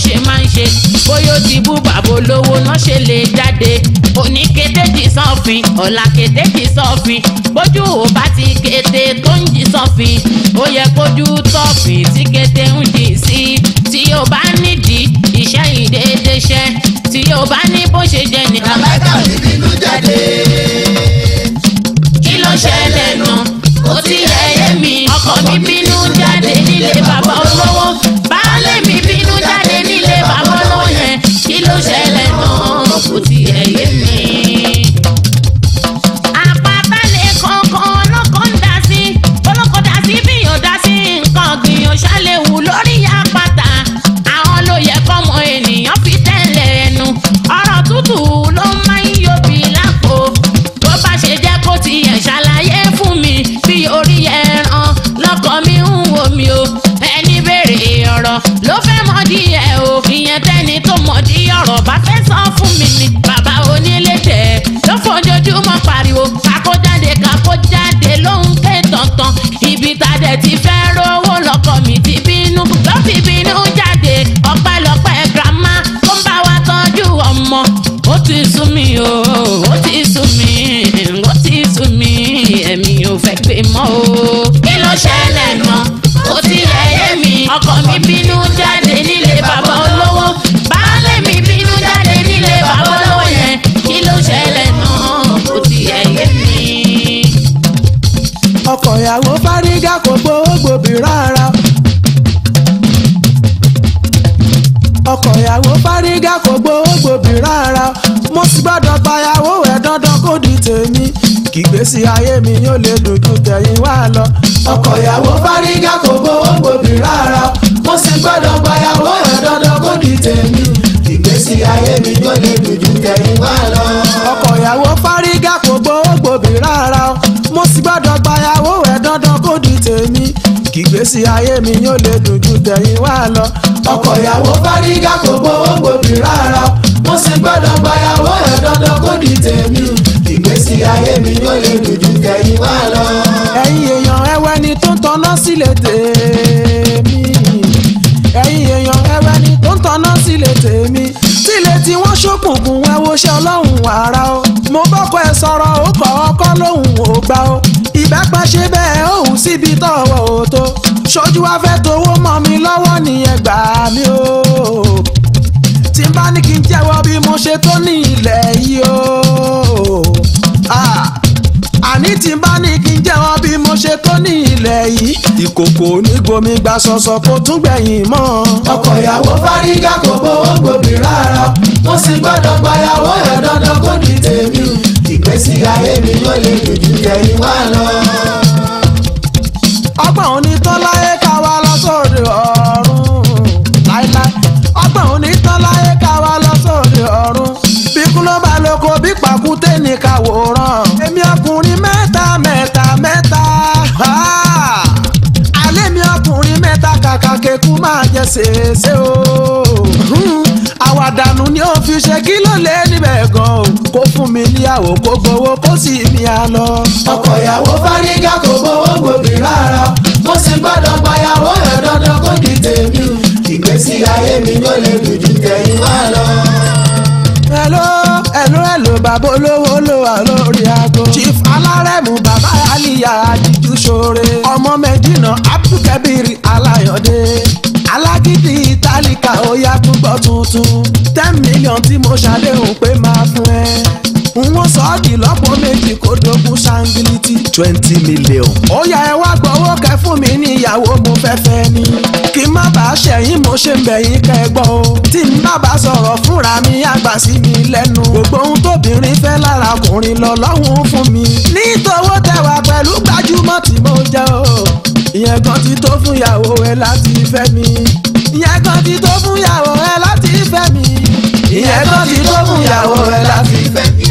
ṣe máa ń ṣe bóyá ó ti bú bàbá olówó náà ṣe lè jáde òní kétéjì sọ́fin ọ̀la kétéjì sọ́fin bójú ò bá ti kété tó ń jí sọ́fin ó yẹ kójú tọ́fin tí kété ń jì sí tí ó bá nídìí iṣẹ́ ìdédéṣẹ́ tí ó bá ní bó ṣe jẹ nìkan. làbákà ò ní bínú jáde kí ló ṣẹlẹ̀ náà ó ti yẹ ẹyẹ mi ọkọ mi bínú jáde nílé bàbá olówó. ọ̀rọ̀ bá fẹ́ sọ fún mi ni bàbá onílé tẹ̀ ló fojoojúmọ́ pariwo kakó jáde kakó jáde lóhun ké tọ̀tàn ibi tàdé ti fẹ́ rówó lọ́kọ mi ti bínú ló fi bínú jáde ọpẹ́lọpẹ́ girama tó ń bá wa tọ́jú ọmọ ó ti sú mi o ó ti sú mi ó ti sú mi èmi ò fẹ́ gbé mọ́ o kí ló ṣe é. mi rárá. ọkọ ìyàwó fárígà kò gbowó gbòbí rárá mo sì gbọ́dọ̀ payàwó ẹ̀ dandan kó di tèmi kìgbésí ayé mi yóò lè dùn ju tẹ̀yìn wá lọ. ọkọ ìyàwó fárígà kò gbowó gbòbí rárá mo sì gbọ́dọ̀ payàwó ẹ̀ dandan kó di tèmi kìgbésí ayé mi yóò lè dùn tẹ̀yìn wá lọ. ìgbésí ayé mi yóò lè dùn ju tẹ̀yìn wá lọ. ọkọ ìyàwó fárígà kò gbowó gbòbí rárá mo sì gbọ́dọ̀ gbayàwó ẹ̀ dandan kó di tèmi ìgbésí ayé mi yóò lè dùn ju tẹ̀yìn wá lọ. ẹ̀yin èèyàn ẹwẹ́ ni tó ń tanná sílé tèmi ẹ̀yin èèyàn ẹwẹ́ ni tó ń tanná sílé tèmi sílé tí wọ́n ṣókùnkùn ẹ̀wọ̀ṣẹ́ ọlọ́run àrà o mo bọ́kọ ẹ̀ sọ̀rọ̀ ó kọ̀ ọkọ bẹ́pẹ́ ṣe bẹ́ẹ̀ òun síbi tọ̀wọ̀ ò tó ṣojú wa fẹ́ towó mọ́ mi lọ́wọ́ nìyẹn gbà mí o tí n bá ní kí n jẹ́wọ́ bí mo ṣe tó ní ilẹ̀ yìí o ah, àní tí n bá ní kí n jẹ́wọ́ bí mo ṣe tó ní ilẹ̀ yìí ìkòkò onígomi gba sọ̀sọ̀ kó tún gbẹ̀yìn mọ́. ọkọ ìyàwó fárígá kò gbowó gbòbí rárá mo sì gbọ́dọ̀ gbayàwó ẹ̀ dandan kó di tèmi ìgbésí ayé mi yóò lè lò ju ẹ̀yìn wá lọ. ọgbọ́n onítàn láyé ká wá lọ sóde ọ̀run láíláí ni onítàn láyé ká wá lọ sóde ọ̀run bíkú ló bá lóko bí pàkúté ní kàwòrán èmi ọkùnrin mẹ́ta mẹ́ta mẹ́ta alẹ́ ah! mi ọkùnrin mẹ́ta kàkà kékú máa jẹ ṣèṣe o hmm, àwàdànù ni ó fi ṣe kí ló lè kó fún mi níyàwó kó gbowó kó sì mi à lọ. ọkọ ìyàwó fárígá kò gbowó gbòbí rárá mo sì gbọ́dọ̀ gbayàwó ẹ̀ dandan kó di tèmi ìgbésí ayé mi ló lè dùn ju wá lọ. hello hello hello bàbá olówó ló wà lórí aago. chief alárẹ̀mú bàbá aliya ajíjú ṣoore ọmọ mẹ́dínà abdulkabir Alayode agídí tálíkà ó yá túbọ̀ tuntun ten million tí mo ṣàdéhùn pé máa fún ẹ n sọ ọ́ di lọ́pọ̀ méjì kó dogun ṣáńgìlìtì twenty million. ó yá ẹ wá gbọ́wọ́ kẹ fún mi níyàwó mo fẹ́ ni. kí n má bàa ṣẹ̀yìn mo ṣe ń bẹ̀yìn kẹgbọ́ o. tí n bá bá sọ̀rọ̀ fúnra mi àgbà sí mi lẹ́nu. gbogbo ohun tóbìnrin fẹ́ lára ọkùnrin lọ́lọ́hún fún mi. nítòwó tẹwà pẹ̀lú gbajúmọ̀ tí mo jẹ́ o. ìyẹn gan ti tó fún ìyàwó ẹ láti fẹ́ mi ìyẹn kan ti tó fún ìyàwó ẹ láti fẹ́ mi. ìyẹn kan ti tó fún ìyàwó ẹ láti fẹ́ mi.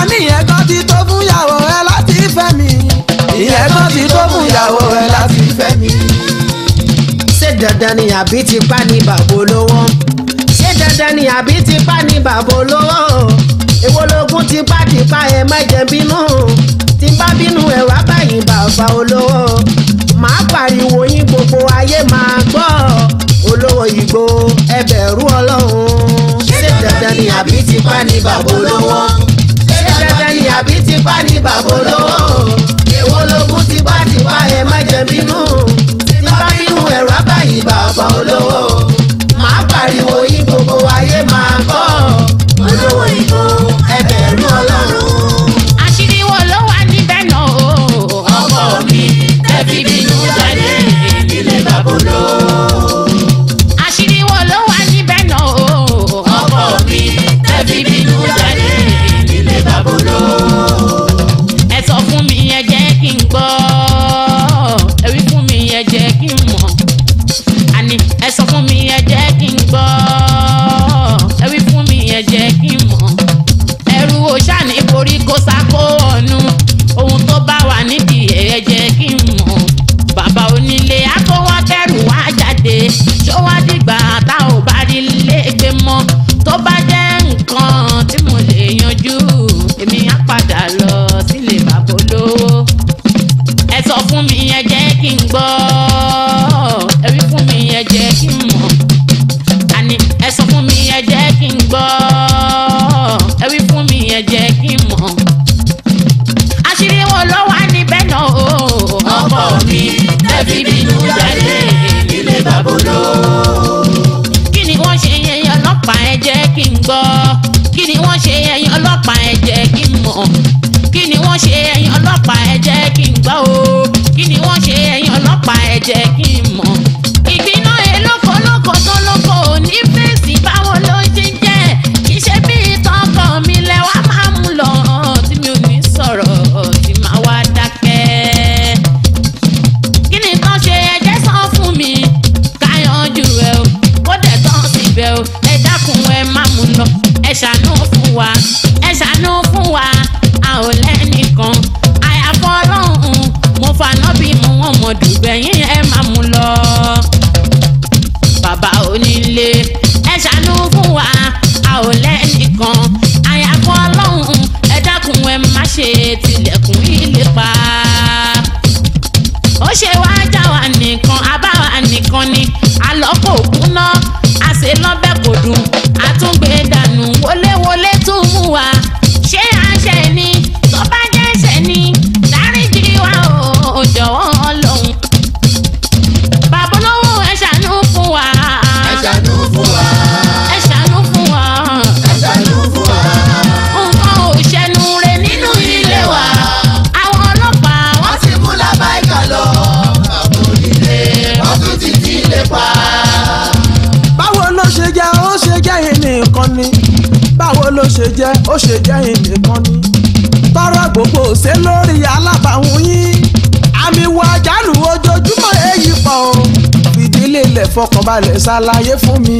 àní ìyẹn kan ti tó fún ìyàwó ẹ láti fẹ́ mi. ìyẹn kan ti tó fún ìyàwó ẹ láti fẹ́ mi. ṣé dandan ni àbí ti pa ni bàbá olówó? ṣé dandan ni àbí ti pa ni bàbá olówó? èwo lógún tipátipá ẹ má jẹ bínú tí bá bínú ẹ wá báyìí bàbá olówó màá pariwo yín gbogbo ayé máa gbọ́ òyìnbó ẹ bẹ̀rù ọlọ́run. ṣé dandan ni àbí tipa ni bàbá olówó. ṣé dandan ni àbí tipa ni bàbá olówó. èwo lógún tipa tipa ẹ má jẹ bínú. fọkànbalẹ̀ ṣàlàyé fún mi.